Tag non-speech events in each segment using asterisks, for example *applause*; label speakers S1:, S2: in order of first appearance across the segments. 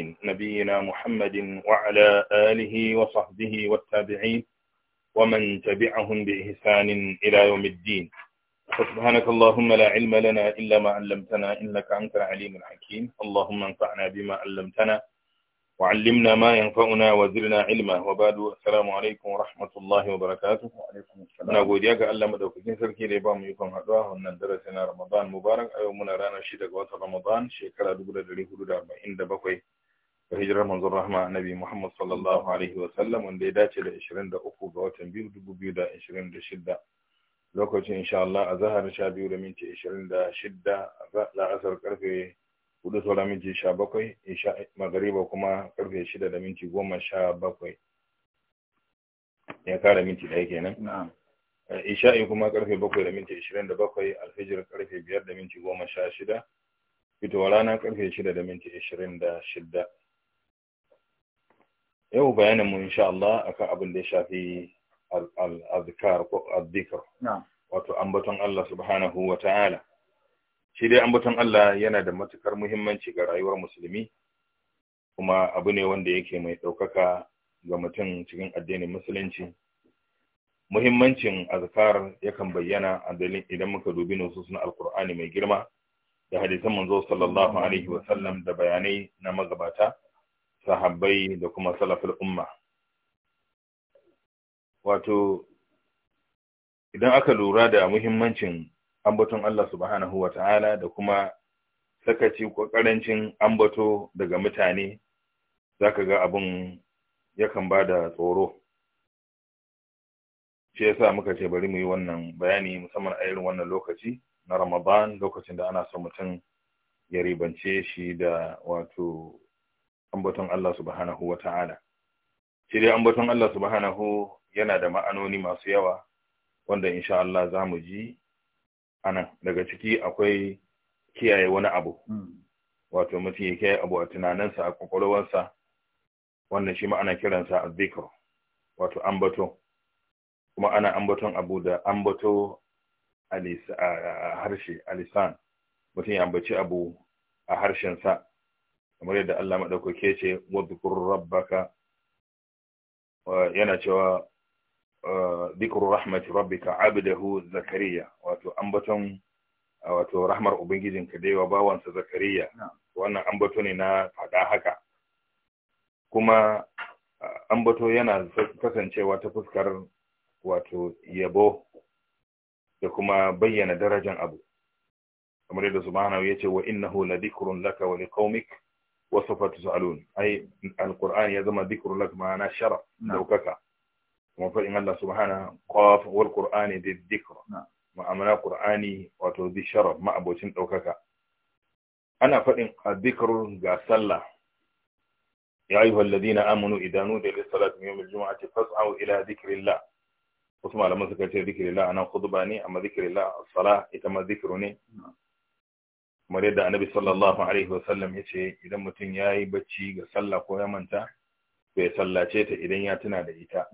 S1: المرسلين نبينا محمد وعلى آله
S2: وصحبه والتابعين ومن تبعهم بإحسان إلى يوم الدين سبحانك اللهم لا علم لنا إلا ما علمتنا إنك أنت العليم الحكيم اللهم انفعنا بما علمتنا وعلمنا ما ينفعنا وزرنا علما وبعد السلام عليكم ورحمة الله وبركاته وعليكم السلام نقول ياك ألا مدوكين سركي ليبا ميكم هدوه ونن درسنا رمضان مبارك أيومنا رانا شيدك وطن رمضان شكرا دار ما إن دبقوي da hijirar manzon rahma annabi Muhammad sallallahu alaihi wa sallam wanda ya dace da 23 ga watan 2026 lokacin insha Allah a zahar biyu da minti 26 asar karfe 4 saura minti 17 insha magariba kuma karfe 6 da minti 17 ya kara minti ɗaya kenan eh, isha'i kuma karfe 7 da minti 27 alfijir karfe 5 da minti 16 fitowa rana karfe 6 da minti 26 yau bayanin mu insha Allah akan abin da ya shafi al-azkar ko al-dhikr wato ambaton Allah subhanahu wa ta'ala shi dai ambaton Allah yana da matukar muhimmanci ga rayuwar musulmi kuma abu ne wanda yake mai ɗaukaka ga mutum cikin addinin musulunci muhimmancin azkar yakan bayyana a dalilin idan muka dubi nususun al alkur'ani mai girma da hadisan manzo sallallahu alaihi wa sallam da bayanai na magabata sahabbai da kuma salafin umma wato idan aka lura da muhimmancin ambaton Allah subhanahu wa ta'ala da kuma sakaci ko karancin ambato daga mutane za ka ga abin yakan ba da tsoro shi yasa muka ce bari mu yi wannan bayani musamman a irin wannan lokaci na ramadan lokacin da ana so mutum ya ribance shi da wato ambaton Allah subhanahu wa ta'ala. Shi dai ambaton Allah subhanahu yana da ma'anoni masu yawa wanda insha Allah za mu ji anan daga ciki akwai kiyaye wani abu. Hmm. Wato mutum ya kiyaye abu a tunaninsa a kwakwalwarsa wannan shi ma'ana kiransa kiransa azzikr wato ambato kuma ana ambaton abu da ambato a harshe a lisan mutum ya ambaci abu a harshensa kamar yadda Allah madaukake ce wadhkur rabbaka uh, yana cewa uh, dhikru rahmati rabbika abdahu zakariya wato ambaton uh, wato rahmar ubangijinka wa bawan bawansa zakariya wannan ambato ne na fada haka kuma ambato yana kasancewa ta fuskar wato yabo da kuma bayyana darajan abu kamar yadda subhanahu yace wa innahu ladhikrun laka wa liqaumika وسوف تسألون أي القرآن يزم ذكر لك معنا شرف نعم. لو كفى ومفر إن الله سبحانه قاف والقرآن ذي الذكر نعم. معنا قرآني وتوذي شرف ما أبو سنت لو كفى أنا فإن الذكر قاسلة يا أيها الذين آمنوا إذا نودي للصلاة من يوم الجمعة فاسعوا إلى ذكر الله قسم على مذكرة ذكر الله أنا خضباني أما ذكر الله الصلاة يتم ذكرني نعم. kamar yadda annabi sallallahu alaihi wasallam ya ce idan mutum ya yi bacci ga sallah ko ya manta to ya sallace ta idan ya tuna da ita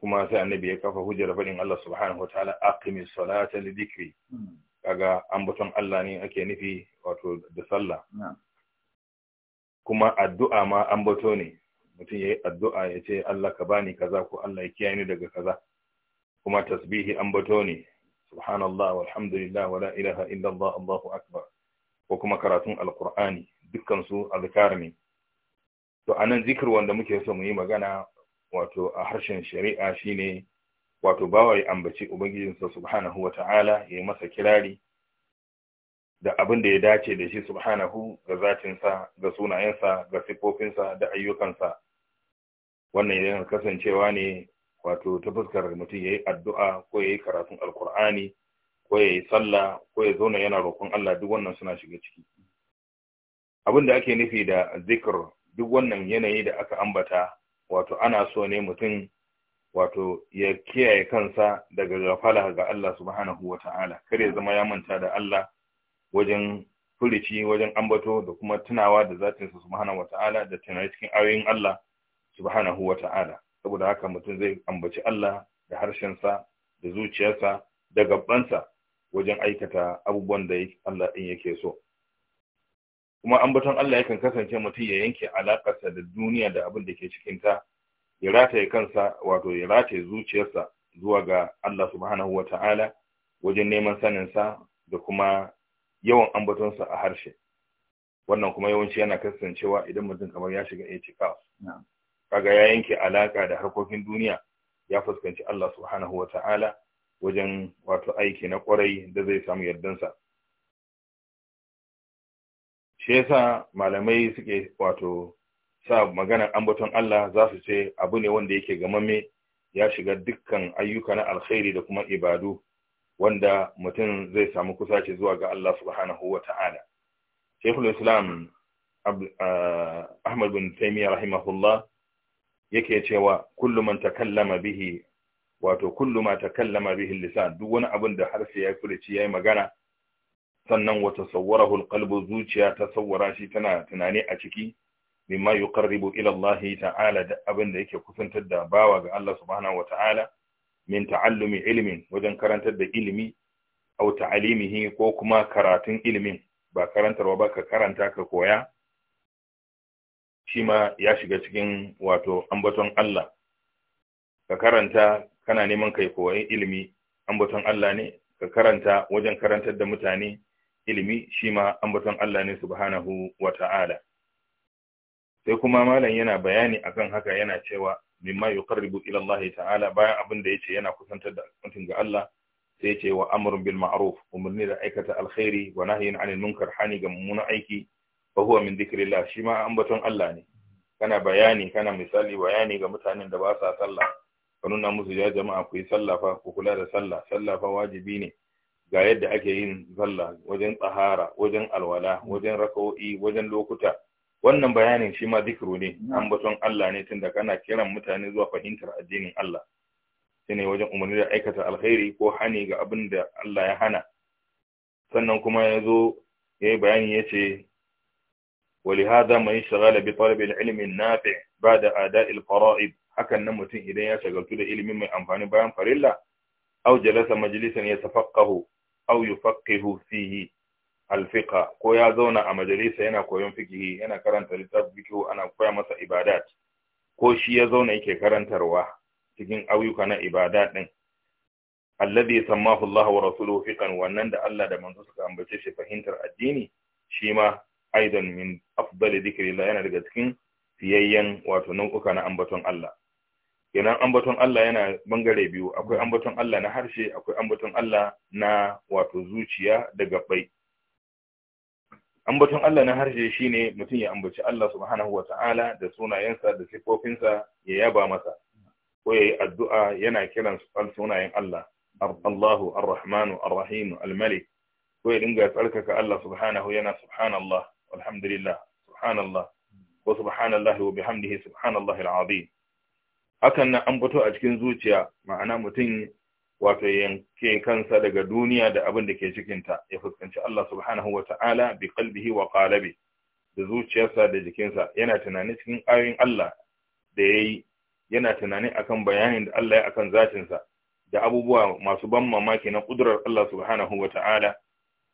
S2: kuma sai annabi ya kafa hujjar faɗin Allah subhanahu wa ta'ala aqimi salata li dhikri kaga ambaton Allah ne ake nufi wato da sallah kuma addu'a ma ambato ne mutum yayi addu'a ya ce Allah ka bani kaza ko Allah ya kiyaye ni daga kaza kuma tasbihi ambato ne subhanallah walhamdulillah wala ilaha illallah allahu akbar ko kuma karatun alqur'ani dukkan su To ne to anan zikir wanda muke so mu yi magana wato a harshen shari'a shine wato bawa ya ambaci ubangijinsa subhanahu wata'ala ya yi masa kirari da abin da ya dace da shi subhanahu ga zatinsa ga sunayensa ga siffofinsa da ayyukansa wannan yana kasancewa ne wato ta fuskar mutum ya yi addu'a ko ya yi karatun alkur'ani ko ya yi sallah ko ya zauna yana roƙon Allah duk wannan suna shiga ciki abin da ake nufi da zikir duk wannan yanayi da aka ambata wato ana so ne mutum wato ya kiyaye kansa daga gafala ga Allah subhanahu wa ta'ala kar ya zama ya manta da Allah wajen furici wajen ambato da kuma tunawa da zatinsa subhanahu wa da tunanin cikin ayoyin Allah subhanahu wa saboda haka mutum zai ambaci Allah da harshensa da zuciyarsa da gabansa wajen aikata abubuwan da Allah ɗin yake so kuma ambaton Allah yakan kasance mutum ya yanke alakarsa da duniya da abin da ke cikin ta ya rataye kansa wato ya rataye zuciyarsa zuwa ga Allah subhanahu Ta'ala, wajen neman saninsa da kuma yawan ambatonsa a harshe wannan kuma yawanci yana kasancewa idan mutum kamar ya shiga itikaf kaga ya yanke alaka da harkokin duniya ya fuskanci Allah subhanahu wa ta'ala wajen wato aiki na kwarai da zai samu yardansa shi yasa malamai suke wato sa maganar ambaton Allah za su ce abu ne wanda yake gamamme ya shiga dukkan ayyuka na alkhairi da kuma ibadu wanda mutum zai samu kusaci zuwa ga Allah subhanahu wa ta'ala. Shekul Islam uh, Ahmad bin Taymiyyah rahimahullah yake cewa kullu man takallama bihi wato kullu ma takallama bihi lisan duk wani abin da harshe ya furici yayi magana sannan wa tasawwarahu alqalbu zuciya ta sawwara shi tana tunani a ciki mimma yuqarribu ila Allah ta'ala da abin da yake kusantar da bawa ga Allah subhanahu wata'ala min ta'allumi ilmin wajen karantar da ilimi aw ta'alimihi ko kuma karatun ilimin ba karantarwa ba ka karanta ka koya shi ma ya shiga cikin wato ambaton Allah ka karanta kana neman kai koyi ilimi ambaton Allah ne ka karanta wajen karantar da mutane ilimi shi ma ambaton Allah ne subhanahu wata'ala sai kuma malam yana bayani akan haka yana cewa mimma yuqarribu ila Allah ta'ala bayan abin da yace yana kusantar da mutum ga Allah sai yace wa amrun bil ma'ruf umarni da aikata alkhairi wa nahyin 'anil munkar hani ga mummunan aiki fa huwa min dhikrillah shi ma ambaton Allah ne kana bayani kana misali bayani ga mutanen da ba sa sallah ka nuna musu ya jama'a ku yi sallah fa ku kula da sallah sallah fa wajibi ne ga yadda ake yin sallah wajen tsahara wajen alwala wajen rakawo'i wajen lokuta wannan bayanin shi ma zikiru ne ambaton Allah ne tunda kana kiran mutane zuwa fahimtar addinin Allah shine wajen umarni da aikata alkhairi ko hani ga abin da Allah ya hana sannan kuma ya zo ya yi bayani ya ce ولهذا من يشتغل ilimin العلم ba da أداء الفرائض hakan na mutum idan ya shagaltu da ilimin mai amfani bayan farilla au jalasa majalisan ya tafaqahu au yufaqihu fihi alfiqa ko ya zauna a majalisa yana koyon fikihi yana karanta littafin fikihu ana koya masa ibadat ko shi ya zauna yake karantarwa cikin auyuka na ibada din alladhi sammahu Allah wa rasuluhu fiqan wannan da Allah da manzo suka ambace shi fahimtar addini shi ma aidan min afdali dhikrillah yana daga cikin fiyayyen wato nau'uka na ambaton Allah kenan ambaton Allah yana bangare biyu akwai ambaton Allah na harshe akwai ambaton Allah na wato zuciya da gabbai ambaton Allah na harshe shine mutum ya ambaci Allah subhanahu wata'ala da sunayensa da sifofinsa ya yaba masa ko yayi addu'a yana kiran sunayen Allah Allahu Ar-Rahmanu Ar-Rahim Al-Malik ko ya dinga tsarkaka Allah subhanahu yana subhanallah alhamdulillah subhanallah wa subhanallahi wa bihamdihi subhanallahi alazim hakan nan an fito a cikin zuciya ma'ana mutum wato yanke kansa daga duniya da abin da ke cikinta ya fuskanci Allah subhanahu wa ta'ala bi qalbihi wa qalabi da zuciyarsa da jikinsa yana tunani cikin ayoyin Allah da yayi yana tunani akan bayanin da Allah ya akan zatinsa da abubuwa masu ban mamaki na kudurar Allah subhanahu wa ta'ala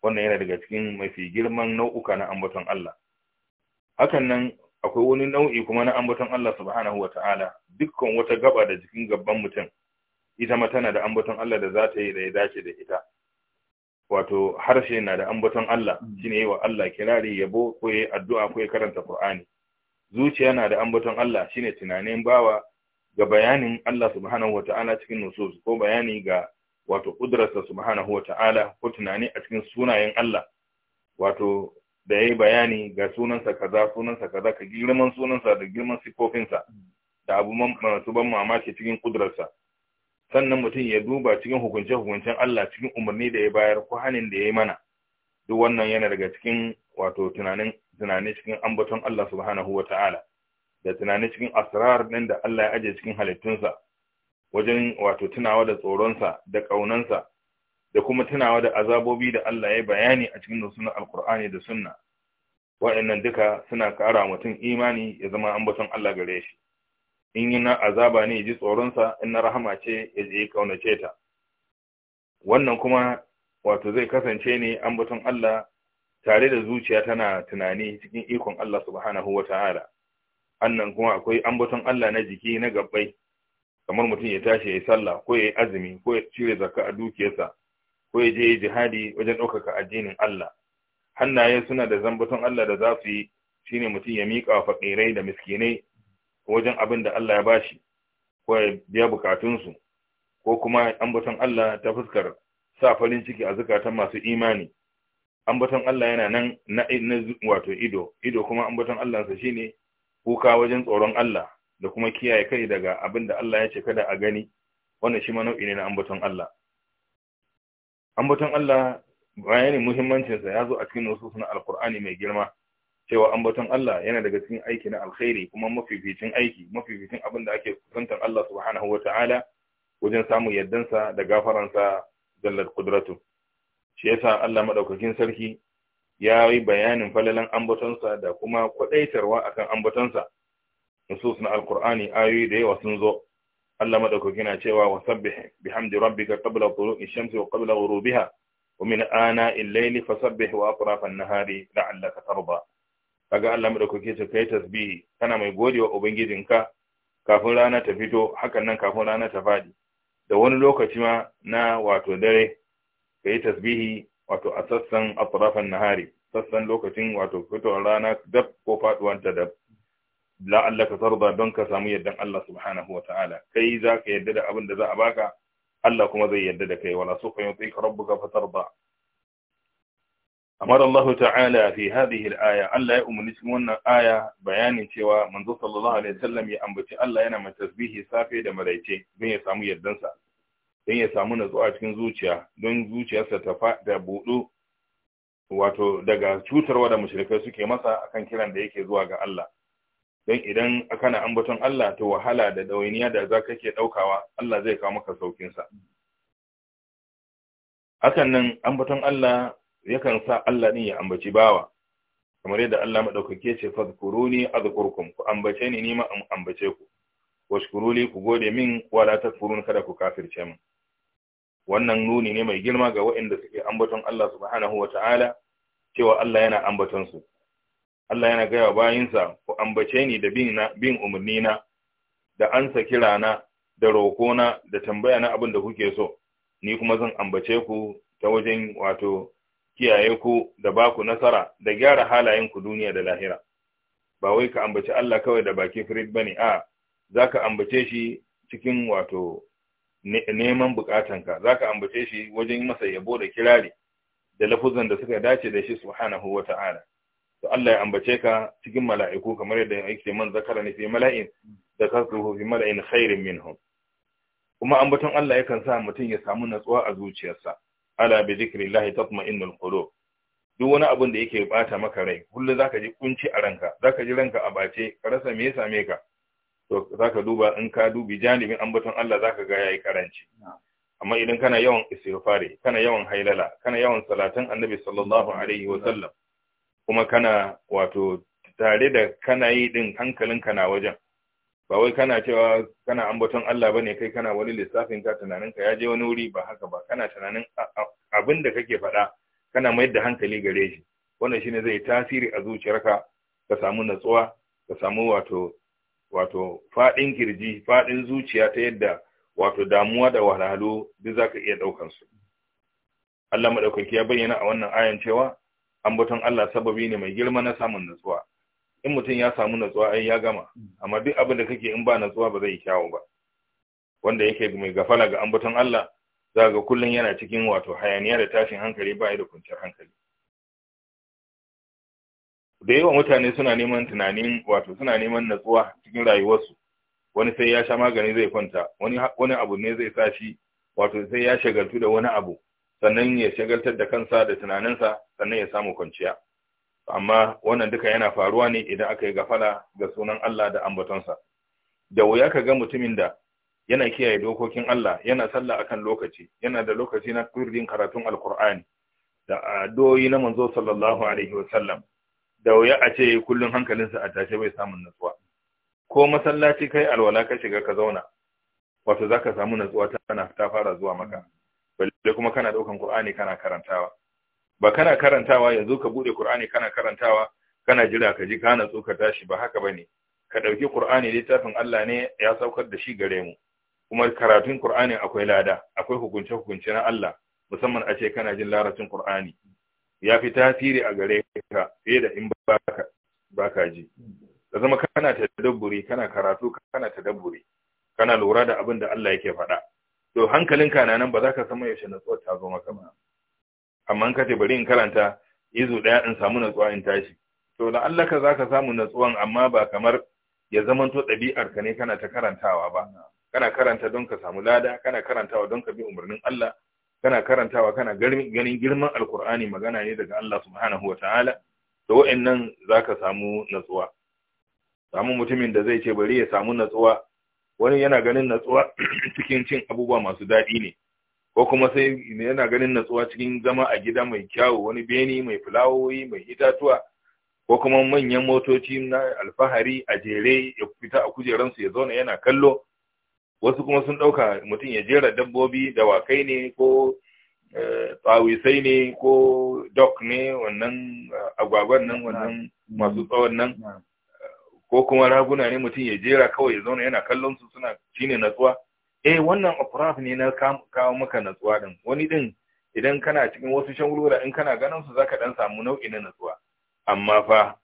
S2: wannan yana daga cikin mafi girman nau'uka na ambaton Allah hakan nan akwai wani nau'i kuma na ambaton Allah subhanahu ta'ala. dukkan wata gaba da jikin gabban mutum ita ma tana da ambaton Allah da za ta yi da ya dace da ita wato harshe na da ambaton Allah shine yi wa Allah kirari yabo ko yi addu'a ko yi karanta Qur'ani zuciya na da ambaton Allah shine tunanin bawa ga bayanin Allah subhanahu ta'ala cikin nusus ko bayani ga wato ƙudurarsa subhanahu wa ta'ala ko tunani a cikin sunayen Allah wato da ya yi bayani ga sunansa kaza sunansa kaza ka girman sunansa da girman sifofinsa da abu masu ban mamaki cikin ƙudurarsa sannan mutum ya duba cikin hukunce-hukuncen Allah cikin umarni da ya bayar ko hanin da ya yi mana duk wannan yana daga cikin wato tunanin tunani cikin ambaton Allah subhanahu wa ta'ala da tunani cikin asrar ɗin da Allah ya aje cikin halittunsa wajen wato tunawa da tsoronsa da ƙaunansa da kuma tunawa da azabobi da Allah ya bayani a cikin sunan alkur'ani da sunna Waɗannan duka suna ƙara mutum imani ya zama ambaton Allah gare shi in yi na azaba ne ya ji tsoronsa in na rahama ce ya je ƙaunace ta wannan kuma wato zai kasance ne ambaton Allah tare da zuciya tana tunani cikin ikon Allah subhanahu wa ta'ala annan kuma akwai ambaton Allah na jiki na gabbai kamar mutum ya tashi ya yi sallah ko ya yi azumi ko ya cire zakka a dukiyarsa ko ya je jihadi wajen ɗaukaka addinin Allah hannaye suna da zambaton Allah da za yi shine mutum ya miƙa wa fakirai da miskinai wajen abin da Allah ya bashi ko ya biya bukatunsu ko kuma ambaton Allah ta fuskar sa farin ciki a zukatan masu imani ambaton Allah yana nan na wato ido ido kuma ambaton Allah sa shine kuka wajen tsoron Allah da kuma kiyaye kai daga abin da Allah ya ce kada a gani wannan shi ma nau'i ne na ambaton Allah ambaton Allah bayanin muhimmancinsa ya zo a cikin wasu suna alkur'ani mai girma cewa ambaton Allah yana daga cikin aiki na alkhairi kuma mafificin aiki mafificin abin da ake kusantar Allah subhanahu wata'ala wajen samun yaddansa da gafaransa jallar kudratu shi yasa Allah madaukakin sarki ya yi bayanin falalan ambatonsa da kuma kwadaitarwa akan ambatonsa nusus na alkur'ani ayoyi da yawa sun zo Allah madaukaki na cewa wasabbih bihamdi rabbika qabla tulu'i shamsi wa qabla ghurubiha wa min Ana al-layli fasabbih wa atrafa an-nahari la'allaka tarda kaga Allah madaukaki ce kai tasbihi kana mai godewa ubangijinka kafin rana ta fito hakan nan kafin rana ta fadi da wani lokaci ma na wato dare kai tasbihi wato a sassan atrafan nahari sassan lokacin wato fitowar rana dab ko faduwar ta dab la'allaka tarda don ka samu yardan Allah subhanahu wa ta'ala kai za ka yarda da abin da za a baka Allah kuma zai yarda da kai wala sufa yutika rabbuka fatarda amara Allah ta'ala fi hadhihi al-aya Allah ya umarni cikin wannan aya bayanin cewa manzo sallallahu alaihi wasallam ya ambaci Allah yana mai tasbihi safe da maraice don ya samu yardansa don ya samu natsuwa cikin zuciya don zuciyarsa ta fada budu wato daga cutarwa da mushrikai suke masa akan kiran da yake zuwa ga Allah don idan kana ambaton Allah to wahala da dawainiya da za ka ke ɗaukawa Allah zai kawo maka saukinsa. Hakan nan ambaton Allah yakan sa Allah din ya ambaci bawa, kamar yadda Allah maɗaukake ce a azkurkum ku ambace ni nima in ambace ku, washkuruli ku gode min wala takfurun kada ku kafirce min. Wannan nuni ne mai girma ga waɗanda suke ambaton Allah subhanahu wa cewa Allah yana ambaton su. Allah yana gaya bayinsa ku ambace ni da bin na bin umarni na da ansa kira na da roko na da tambaya na abin da kuke so ni kuma zan ambace ku ta wajen wato kiyaye ku da ba ku nasara da gyara halayen ku duniya da lahira ba wai ka ambaci Allah kawai da baki firid bane a zaka ambace shi cikin wato neman bukatanka zaka ambace shi wajen masa yabo da kirari da lafuzan da suka dace da shi subhanahu wata'ala to Allah ya ambace ka cikin mala'iku kamar yadda yake man zakara ne fi mala'in da kasruhu fi mala'in khairin minhum kuma ambaton Allah yakan sa mutum ya samu natsuwa a zuciyarsa ala bi zikrillahi tatma'innul qulub duk wani abin da yake bata maka rai kullu zaka ji kunci a ranka zaka ji ranka a bace ka rasa me ya same ka to zaka duba in ka dubi janibin ambaton Allah zaka ga yayi karanci amma idan kana yawan istighfari kana yawan hailala kana yawan salatin annabi sallallahu alaihi wa sallam kuma kana wato tare da kana yi din hankalinka na wajen ba wai kana cewa kana ambaton Allah bane kai kana wani lissafin ka tunanin ka ya je wani wuri ba haka ba kana tunanin abin da kake faɗa kana mayar da hankali gare shi wannan shine zai tasiri a zuciyarka ka samu natsuwa ka samu wato wato faɗin kirji faɗin zuciya ta yadda wato damuwa da wahalhalu duk zaka iya ɗaukan su Allah madaukaki ya bayyana a wannan ayan cewa ambaton Allah sababi ne mai girma na samun natsuwa in mutum ya samu natsuwa ai ya gama amma duk abin da kake in ba natsuwa ba zai kyawu ba wanda yake mai gafala ga ambaton Allah za ga kullun yana cikin wato hayaniya da tashin hankali ba da kwanciyar hankali da yawa mutane suna neman tunanin wato suna neman natsuwa cikin rayuwarsu wani sai ya sha magani zai kwanta wani wani abu ne zai sa shi wato sai ya shagaltu da wani abu sannan ya shagaltar da kansa da tunaninsa sannan ya samu kwanciya amma wannan duka yana faruwa ne idan aka yi gafala ga sunan Allah da ambatonsa da wuya ka ga mutumin da yana kiyaye dokokin Allah yana sallah akan lokaci yana da lokaci na kurin karatun alkur'ani da addu'o'i na manzo sallallahu alaihi wasallam da wuya a ce kullun hankalinsa a tashe bai samun nutsuwa ko masallaci kai alwala ka shiga ka zauna wato zaka samu nutsuwa tana ta fara zuwa maka balle kuma kana daukan Qur'ani kana karantawa ba kana karantawa yanzu ka bude Qur'ani kana karantawa kana jira ka ji kana so ka tashi ba haka bane ka dauki Qur'ani littafin Allah ne ya saukar da shi gare mu kuma karatun Qur'ani akwai lada akwai hukunce hukunce na Allah musamman a ce kana jin laratun Qur'ani ya fi tasiri a gare ka fiye da in baka baka ji da zama kana tadabburi kana karatu kana tadabburi kana lura da abin da Allah yake faɗa to hankalinka na nan ba za ka san yaushe natsuwa ta zo maka ba amma ka ce bari in karanta izu daya in samu natsuwa in tashi to da Allah ka za ka samu natsuwan amma ba kamar ya zamanto ɗabi'ar ka ne kana ta karantawa ba kana karanta don ka samu lada kana karantawa don ka bi umarnin Allah kana karantawa kana ganin girman alkur'ani magana ne daga Allah subhanahu wa ta'ala da wa'annan za ka samu natsuwa samu mutumin da zai ce bari ya samu natsuwa wani yana ganin natsuwa *clears throat* cikin cin abubuwa masu daɗi ne ko kuma sai yana ganin natsuwa cikin zama a gida mai kyawu wani beni mai fulawoyi mai itatuwa ko kuma manyan motoci na alfahari a jere ya fita a kujeransu ya zauna yana kallo wasu kuma sun ɗauka mutum ya jera dabbobi dawakai ne ko eh, tsawisai ne ko dok ne wannan eh, agwagwan nan wannan masu tsawon nan ko kuma raguna ne mutum ya jera kawai ya zauna yana kallon su suna shine natsuwa eh wannan afraf ne na kawo maka natsuwa din wani din idan kana cikin wasu shagulgula in kana ganin su zaka dan samu nau'i na natsuwa amma fa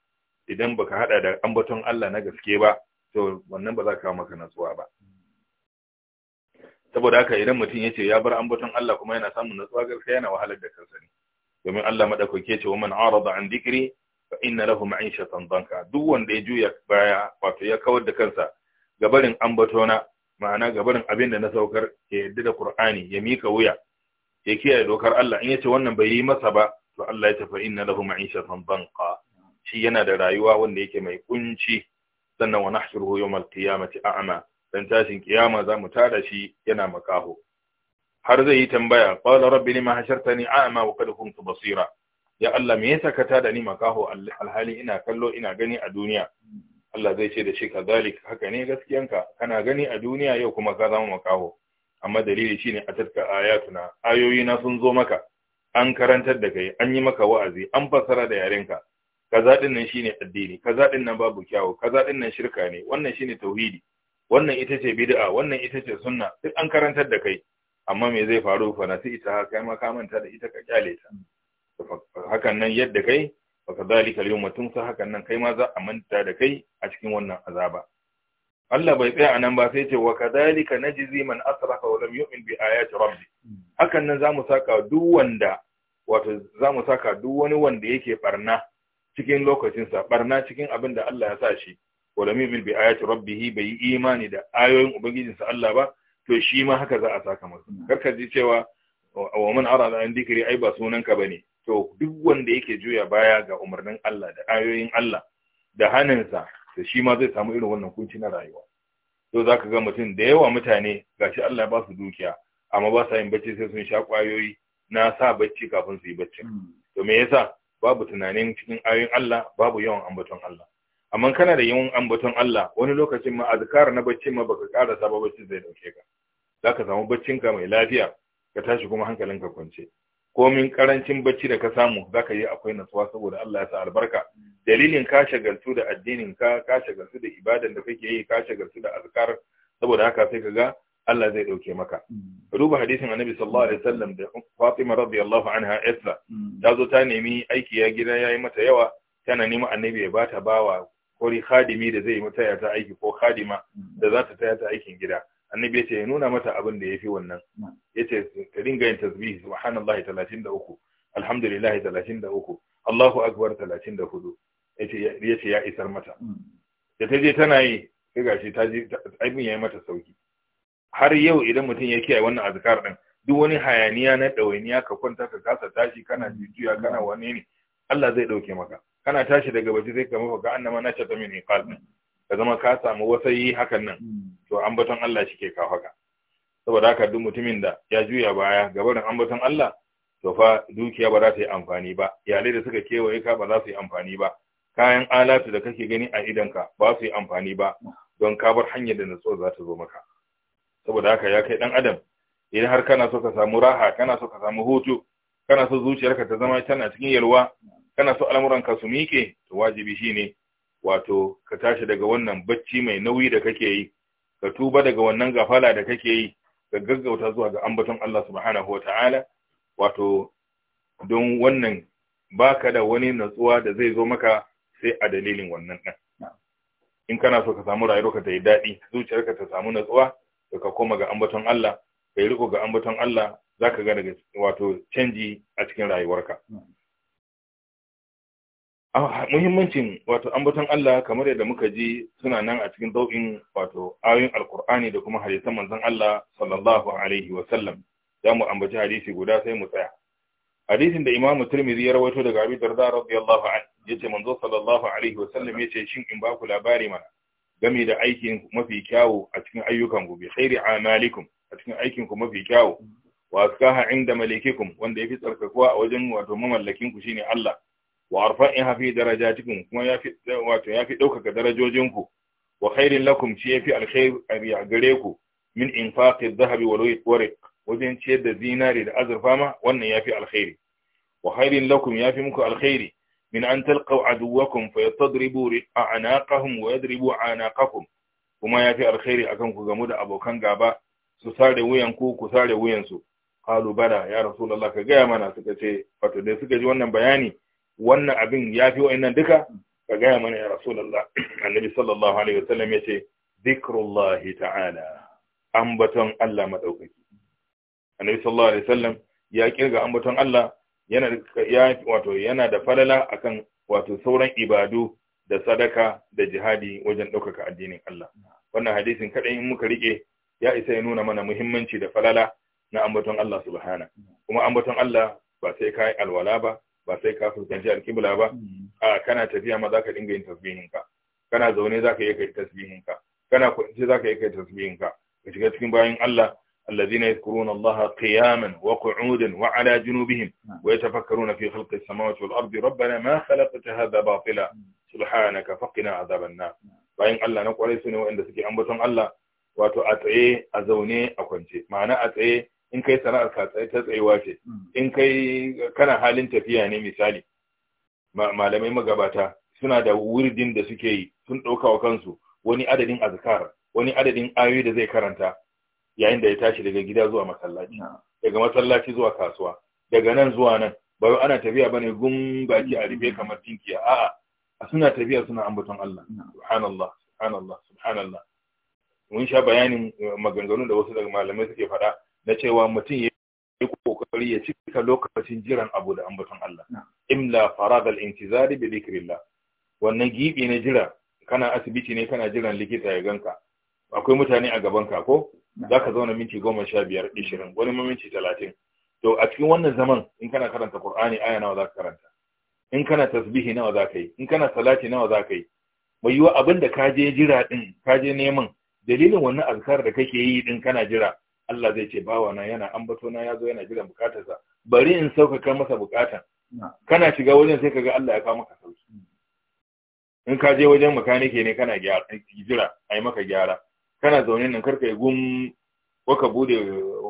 S2: idan baka hada da ambaton Allah na gaske ba to wannan ba za ka kawo maka natsuwa ba saboda haka idan mutum ya ce ya bar ambaton Allah kuma yana samun natsuwa gaskiya yana wahalar da kansa ne domin Allah madaukake ce wa man arada an dhikri fa inna lahu ma'ishatan banka duk wanda ya juya baya wato ya kawar da kansa gabarin ambatona ma'ana gabarin abin da na saukar ke yadda da Qur'ani ya mika wuya Ke kiyaye dokar Allah in yace wannan bai yi masa ba to Allah ya ce fa inna lahu ma'ishatan banka shi yana da rayuwa wanda yake mai kunci sannan wa nahshuruhu yawmal qiyamati a'ma dan tashin kiyama za mu tada shi yana makaho har zai yi tambaya qala rabbi lima hashartani a'ma wa qad kuntu basira ya Allah me yasa ka tada ni makaho alhali ina kallo ina gani a duniya Allah zai ce da shi kazalik haka ne ka. kana gani a duniya yau kuma ka zama makaho amma dalili shine a tatka ayatuna ayoyi na sun zo maka an karantar da kai an yi maka wa'azi an fassara da yarenka kaza din nan shine addini kaza din nan babu kyawu kaza din nan shirka ne wannan shine tauhidi wannan ita ce bid'a wannan ita ce sunna duk an karantar da kai amma me zai faru fa na sai ita kai ma ka manta da ita ka kyale ta hakan nan yadda kai wa kadhalika al mutum sa hakan nan kai ma za a manta da kai a cikin wannan azaba Allah bai tsaya anan ba sai ce wa na najzi man asrafa wa lam yu'min bi ayati rabbi hakan nan zamu saka duk wanda wato zamu saka duk wani wanda yake barna cikin lokacin sa barna cikin abin da Allah ya sa shi wa lam yu'min bi ayati rabbih bai imani da ayoyin ubangijinsa Allah ba to shi ma haka za a saka masa karka ji cewa wa man arada an dikri ai ba sunanka bane to duk wanda yake juya baya ga umarnin Allah da ayoyin Allah da hannunsa da shi ma zai samu irin wannan kunci na rayuwa to za ka ga mutum da yawa mutane ga shi Allah ya ba su dukiya amma ba sa yin bacci sai sun sha ƙwayoyi na sa bacci kafin su yi bacci hmm. to me yasa babu tunanin cikin ayoyin Allah babu yawan ambaton Allah amma kana da yawan ambaton Allah wani lokacin ma azkar na bacci ma baka karasa ba bacci zai dauke ka Za ka samu baccinka mai lafiya ka tashi kuma hankalinka kwance komin karancin bacci da ka samu zaka yi akwai natsuwa saboda Allah ya sa albarka dalilin ka shagaltu da addinin ka ka shagaltu da ibadan da kake yi ka shagaltu da azkar saboda haka sai ga, Allah zai dauke maka duba hadisin Annabi sallallahu alaihi wasallam da Fatima radiyallahu anha Isra ta zo ta nemi aiki ya gida yayi mata yawa tana neman Annabi ya bata bawa kori khadimi da zai mata ya ta aiki ko khadima da za ta taya ta aikin gida annabi ce ya nuna mata abin da ya fi wannan yace ka dinga yin tasbih subhanallahi 33 alhamdulillahi 33 Allahu akbar 34 yace yace ya isar mata hmm. da ta je tana yi sai gashi ta ji abin yayi mata sauki har yau idan mutum ya kiyaye wannan azkar din duk wani hayaniya na ɗawainiya ka kwanta ka kasa tashi kana hmm. jujjuya kana wane ne Allah zai ɗauke maka kana tashi daga baji sai ka mafa ga annama na shata mini iqal ka zama ka samu wasa wasayi hakan nan hmm. to ambaton Allah shi ke kawo haka saboda haka duk mutumin da ya juya baya ga barin ambaton Allah to fa dukiya ba za ta yi amfani ba iyalai da suka kewaye ka ba za su yi amfani ba kayan alatu da kake gani a idanka ba su yi amfani ba don ka bar hanyar da natsuwa za ta zo maka saboda haka ya kai dan adam idan har kana so ka samu raha kana so ka samu hutu kana so zuciyarka ta zama tana cikin yalwa kana so al'amuranka su miƙe to wajibi shine wato ka tashi daga wannan bacci mai nauyi da kake yi ka tuba daga wannan gafala da kake yi ka gaggauta zuwa ga ambaton Allah subhanahu Ta'ala wato don wannan baka da wani natsuwa da zai zo maka sai a dalilin wannan ɗan in kana so ka samu rayuwarka ta yi daɗi zuciyarka ta samu natsuwa da ka koma ga ambaton Allah ka yi riko ga ambaton Allah zaka ga daga wato canji a cikin rayuwarka
S3: Ah, muhimmancin
S2: wato ambaton Allah kamar yadda muka ji suna nan a cikin dau'in wato ayoyin alkur'ani da kuma hadisan manzon Allah sallallahu alaihi wa sallam za mu ambaci hadisi guda sai mu tsaya hadisin da imamu tirmidhi ya rawaito daga abi darda radiyallahu anhu yace manzo sallallahu alaihi wa sallam yace shin in ba ku labari mana game da aikin mafi kyawu a cikin ayyukan ku bi khairi amalikum a cikin aikin ku mafi kyawu wa askaha inda malikikum wanda yafi tsarkakuwa a wajen wato mamallakin ku shine Allah wa arfa'iha fi darajatikum kuma yafi wato fi daukaka darajojinku wa khairin lakum shi yafi alkhair a gare ku min infaqi adh-dhahabi wal warq wajen ciyar da zinari da azurfa ma wannan yafi alkhairi wa khairin lakum yafi muku alkhairi min an talqaw aduwakum fayatadribu a'naqahum wa yadribu a'naqakum kuma yafi alkhairi akan ku gamu da abokan gaba su sare wuyan ku ku sare wuyan su qalu bala ya rasulullah ka ga mana suka ce wato dai suka ji wannan bayani wannan abin ya fi wa'annan duka ka gaya mana ya rasulullah *clears throat* annabi sallallahu alaihi wasallam ya ce zikrullahi ta'ala ambaton Allah madaukaki annabi sallallahu alaihi wasallam ya kirga ambaton Allah yana ya wato yana da falala akan wato sauran ibadu da sadaka da jihadi wajen ɗaukaka addinin Allah wannan hadisin kadai in muka rike ya isa ya nuna mana muhimmanci da falala na ambaton Allah subhana kuma ambaton Allah ba sai kai alwala ba ba sai ka fuskanci alkibla ba hmm. a kana tafiya ma zaka dinga yin tasbihin ka kana zaune zaka yi kai tasbihin ka kana kwance zaka yi kai tasbihin ka ka shiga cikin bayan Allah الذين يذكرون الله قياما وقعودا وعلى جنوبهم ويتفكرون في خلق السماوات والأرض ربنا ما خلقت هذا باطلا سبحانك فقنا عذاب النار bayan Allah na kwarai su ne waɗanda suke ambaton Allah wato a tsaye a zaune a kwance ma'ana a tsaye in kai sana'ar ta ce hmm. in kai kana halin tafiya ne misali malamai magabata suna da wurdin da suke yi sun ɗauka wa kansu wani adadin azkar wani adadin ayoyi da zai karanta yayin da ya tashi daga gida zuwa masallaci daga masallaci zuwa kasuwa daga nan zuwa nan ba ana tafiya bane gun baki a rufe kamar tinkiya a'a suna tafiya suna ambaton Allah subhanallah subhanallah subhanallah mun sha bayanin eh, maganganun da wasu daga malamai suke faɗa na cewa mutum ya yi kokari ya cika lokacin jiran abu da ambaton Allah imla faragal intizari bi dhikrillah wannan gibi na jira kana asibiti ne kana jiran likita ya ganka akwai mutane a gaban ka ko zaka zauna minti 15 20 wani ma minti 30 to a cikin wannan zaman in kana karanta Qur'ani aya nawa zaka karanta in kana tasbihi nawa zaka yi in kana salati nawa zaka yi mai yiwa abin da ka je jira din ka je neman dalilin wannan azkar da kake yi din kana jira Allah zai ce bawa na yana ambato na yazo yana jiran bukatarsa bari in saukaka masa bukatan kana shiga wajen sai kaga Allah ya kawo maka sauki hmm. in ka je wajen makanike ne kana jira ai maka gyara kana zaune nan karka gum waka bude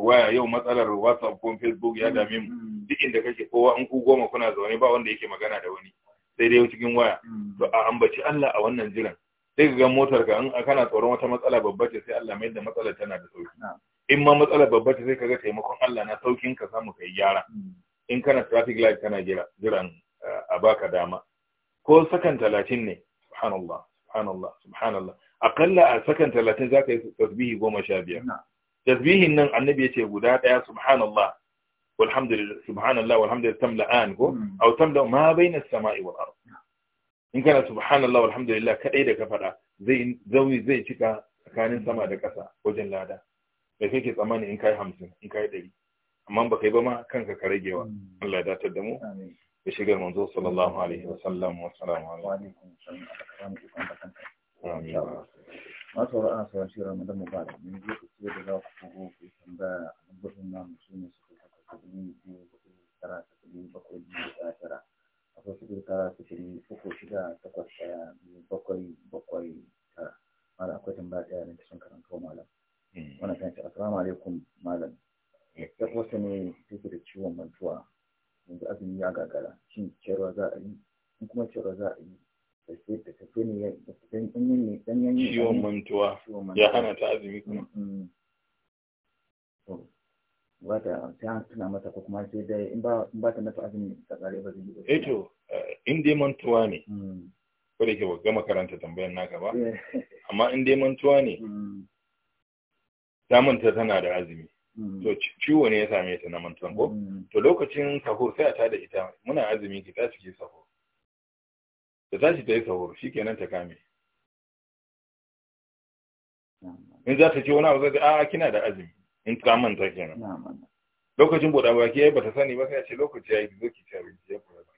S2: waya yau matsalar whatsapp ko facebook ya dame mu hmm. duk inda kake kowa an ku goma kuna zaune ba wanda yake magana da wani sai dai cikin waya hmm. to a ambaci Allah a wannan jiran sai ka ga motarka ka in kana tsoron wata matsala babba ce sai Allah mai da matsalar tana da sauki in ma matsalar babba ce sai kaga taimakon Allah na saukin ka samu kai gyara in kana traffic light kana jira jiran eh, a baka dama ko sakan 30 ne subhanallah subhanallah subhanallah akalla a sakan 30 zaka yi tasbihi 15 tasbihin nan annabi ce guda daya subhanallah walhamdulillah subhanallah walhamdulillah tamla'an ko hmm. aw tamla ma bayna as-sama'i wal ard in kana subhanallah walhamdulillah kadai da ka fada zai zai cika tsakanin sama da ƙasa wajen lada da kake tsammani in kai hamsin in kai ɗari amma ba kai ba ma kanka ka rage wa mm. Allah ya datar da mu da shigar manzo sallallahu alaihi wa sallam wa salamu
S3: alaihi masu ra'a sauran shi ramadan mubarak mun ji ku ce da za ku kogo ku tambaya a lambarin namu su ne suka saka kudi biyu kuɗi tara kuɗi bakwai biyu tara tara akwai kuɗi tara kuɗi uku shida takwas ɗaya biyu bakwai bakwai tara mara akwai tambaya ɗaya da ta sun karanta wa malam Mm. wannan kan ce assalamu alaikum malam ya eh, wata ne take da ciwon mantuwa yanzu azumi ya gagara shin cewa za a yi in kuma cewa za a yi da tafi ne ya ɗanyen ciwon mantuwa ya hana ta azumi kuma wata mm, mm. ta tuna mata ko kuma sai dai in ba ta nafa azumi ta tsare ba zai yi eh to eh, in
S2: dai mantuwa ne ko da ke ba gama karanta tambayar naka ba eh. amma in dai mantuwa ne ta manta tana da azumi mm. to ciwo ne ya same ta na mantuwan ko mm. to lokacin
S3: sahur sai a ta da ita muna azumi ki tashi ki sahur ta tashi ta yi sahur shikenan ta kame in za ta ce wani
S2: abu zai a kina da azumi in ta manta kenan lokacin buɗa baki yayi bata sani ba sai a ce lokaci yi zo ki ci ya kula ba.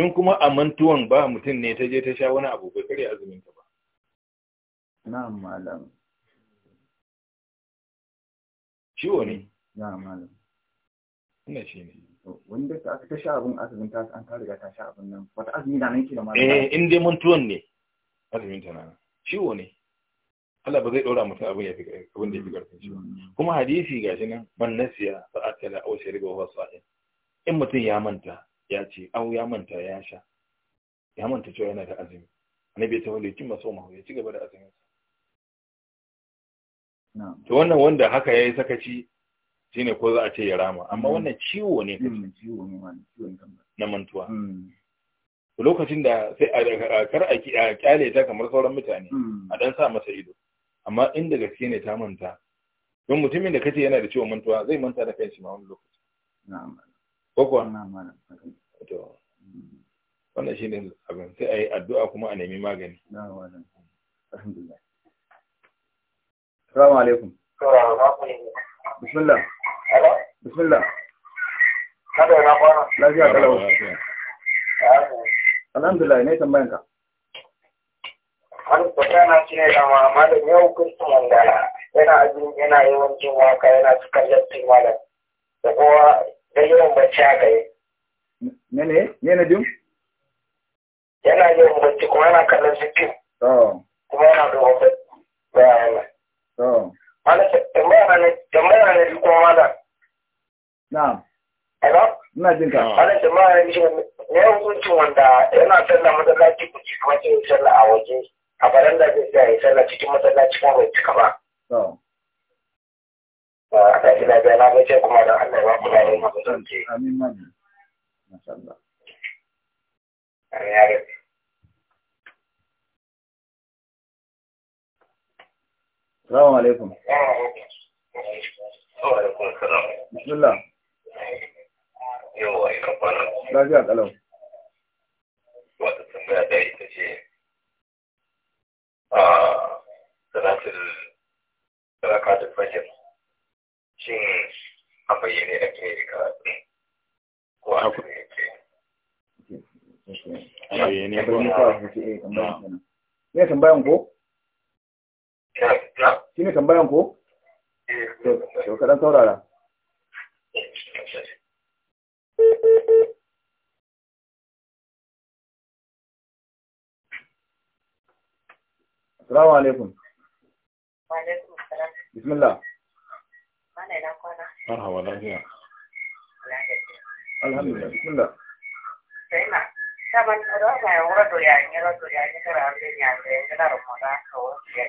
S2: in kuma a mantuwan ba mutum
S3: ne ta je ta sha
S1: wani abu bai karya azumin ta ba
S3: na'am malam ciwo ne na malam ina shi ne wanda ta aka sha abin azumin ta an ta riga ta sha abin nan wata azumi na nan ke da malam
S1: eh in
S2: dai mun tuwon ne azumin ta nan ciwo ne Allah ba zai ɗora mutum abin ya fi abin da ya fi ƙarfin shi mm. kuma hadisi gashi nan man nasiya fa'atala aw shariba wa sa'in in mutum ya manta ya ce au ya manta ya sha ya manta cewa yana da azumi annabi ta wanda ya cimma mahu ya ci gaba da azumin
S3: to wannan
S2: wanda haka yayi sakaci shine ko za a ce ya rama amma mm. wannan ciwo ne mm, ciwo ne na mantuwa mm. lokacin da sai a kar a kyale ta kamar sauran mutane a dan sa masa ido amma inda gaske ne ta manta don mutumin da kace yana da ciwon mantuwa zai manta da kanshi ma wani lokaci
S3: na'am ko kuwa na'am
S2: to wannan shine abin sai ayi addu'a kuma a nemi magani na'am alhamdulillah
S3: Salamu alaikum. Bismillah. Bismillah.
S4: Lafiya kalau.
S3: Alhamdulillah ne yi ka.
S4: Wani tsakana shi ne dama malam yau kristin wanda yana ajin yana yawancin waka yana cikin lantin malam da kowa da yawan bacci a yi.
S3: Mene ne? Ne na biyu?
S4: Yana yawan bacci kuma yana kallon su fim. Oh. Kuma yana da wata bayan Ana tambaya na tambaya na kuma mala. Na'am. Hello?
S3: Ina jin ka. Ana
S4: tambaya na ji ne ya hukuncin wanda yana sallah masallaci ku ji kuma kin sallah a waje a baranda zai ga ya sallah cikin masallaci kuma bai cika ba.
S3: A ta tashi da na gaje kuma da Allah ya ba da yin
S1: Amin Masha Allah. Amin ya Salamu
S3: alaikum. Bismillah. yi ina kwana. Lafiya kalau.
S1: Wata tambaya ita ce, a salatul
S3: rakatul shin a bayyane yi ka
S1: ko a kuma yake.
S3: A tambayan ko? Shi ne
S1: tambayan ko? To, kaɗan saurara. Salamu alaikum.
S4: Wa alaikum salam. Bismillah. Mana ina kwana?
S3: Marhaba lafiya. Alhamdulillah. Bismillah.
S4: Sayma, saban roba ya wuro do ya ni rodo ya ni kara ni ya ni kara mo da ko ya.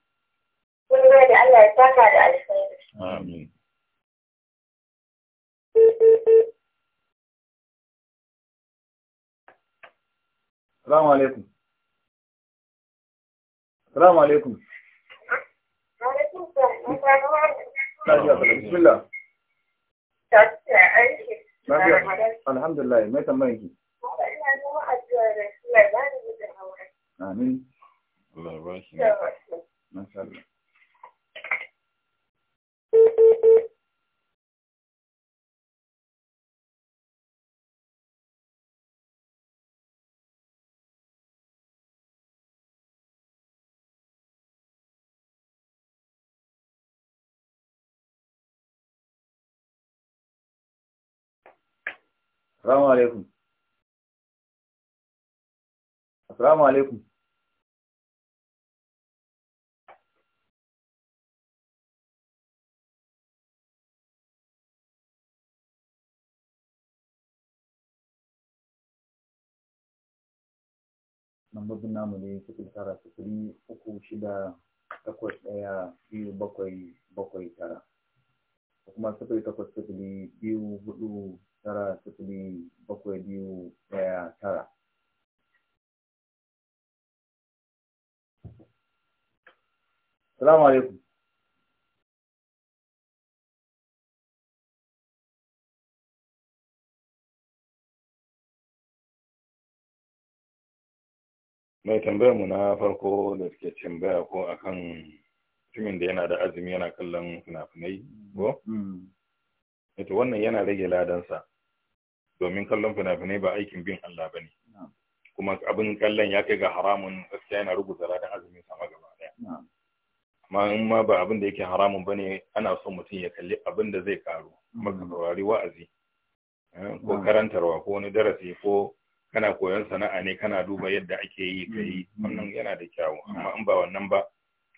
S4: السلام
S1: عليكم
S3: السلام عليكم بسم الله الحمد لله ما تمينك آمين
S1: الله يبارك ما شاء الله As-salamu alaykum As-salamu alaykum lambobin namu ne sifil tara sifili
S3: uku shida takwas ɗaya biyu bakwai bakwai tara kuma sifili takwas sifili biyu hudu tara sifili bakwai
S1: biyu ɗaya tara salamu alaikum mai tambayar mu na farko
S3: da suke tambaya ko akan
S1: mutumin da yana da azumi yana kallon fina-finai
S2: ko? Mm. Ita wannan yana rage ladansa domin kallon fina-finai ba aikin bin Allah ba ne. Kuma abin kallon ya kai ga haramun gaskiya yana rubuta ladan
S3: azumin sama gaba daya.
S2: Amma in ma ba abin da yake haramun ba ne ana so mutum ya kalli abin da zai karu. Maka mm. saurari wa'azi eh, ko karantarwa ko wani darasi ko kana koyon sana'a ne kana duba yadda ake yi ka yi mm, mm. wannan yana da kyawu mm. amma in ba wannan ba